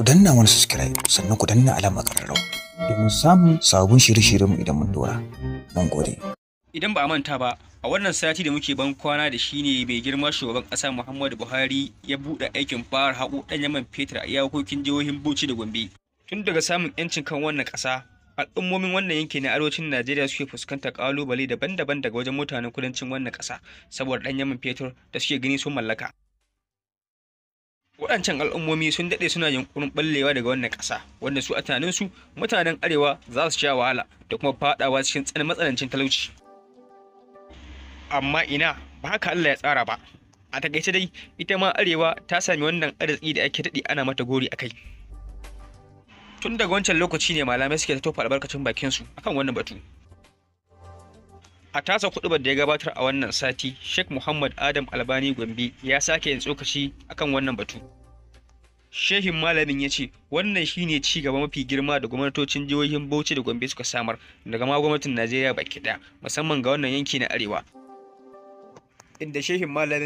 ku danna wani subscribe sannan ku danna ƙararrawa domin samun sabon shirye-shiryenmu idan mun dora. Mun gode. Idan ba a manta ba, a wannan sati da muke ban kwana da shi ne mai girma shugaban ƙasa Muhammadu Buhari ya buɗe aikin fara haƙo ɗan yaman fetur a iyakokin jihohin Bauchi da Gombe. Tun daga samun 'yancin kan wannan ƙasa, al'ummomin wannan yanki na arewacin najeriya suke fuskantar kalubale daban-daban daga wajen mutanen kudancin wannan ƙasa saboda ɗan yaman fetur da suke gani sun mallaka waɗancan al'ummomi sun daɗe suna yunkurin ɓallewa daga wannan ƙasa wanda su a tunaninsu mutanen arewa za su sha wahala da kuma faɗawa cikin tsanin matsanancin talauci amma ina ba haka Allah ya tsara ba a takaice dai ita ma arewa ta sami wannan arziki da ake daɗe ana mata gori a kai tun daga wancan lokaci ne malamai suke ta tofa albarkacin bakinsu akan wannan batu a tasa kuɗi da ya gabatar a wannan sati sheikh muhammad adam albani gombe ya sake yin tsokaci akan wannan batu shehin malamin ya ce wannan shi ne ci gaba mafi girma da gwamnatocin jihohin bauchi da gombe suka samar daga ma gwamnatin najeriya baki daya musamman ga wannan yanki na arewa inda shehin malamin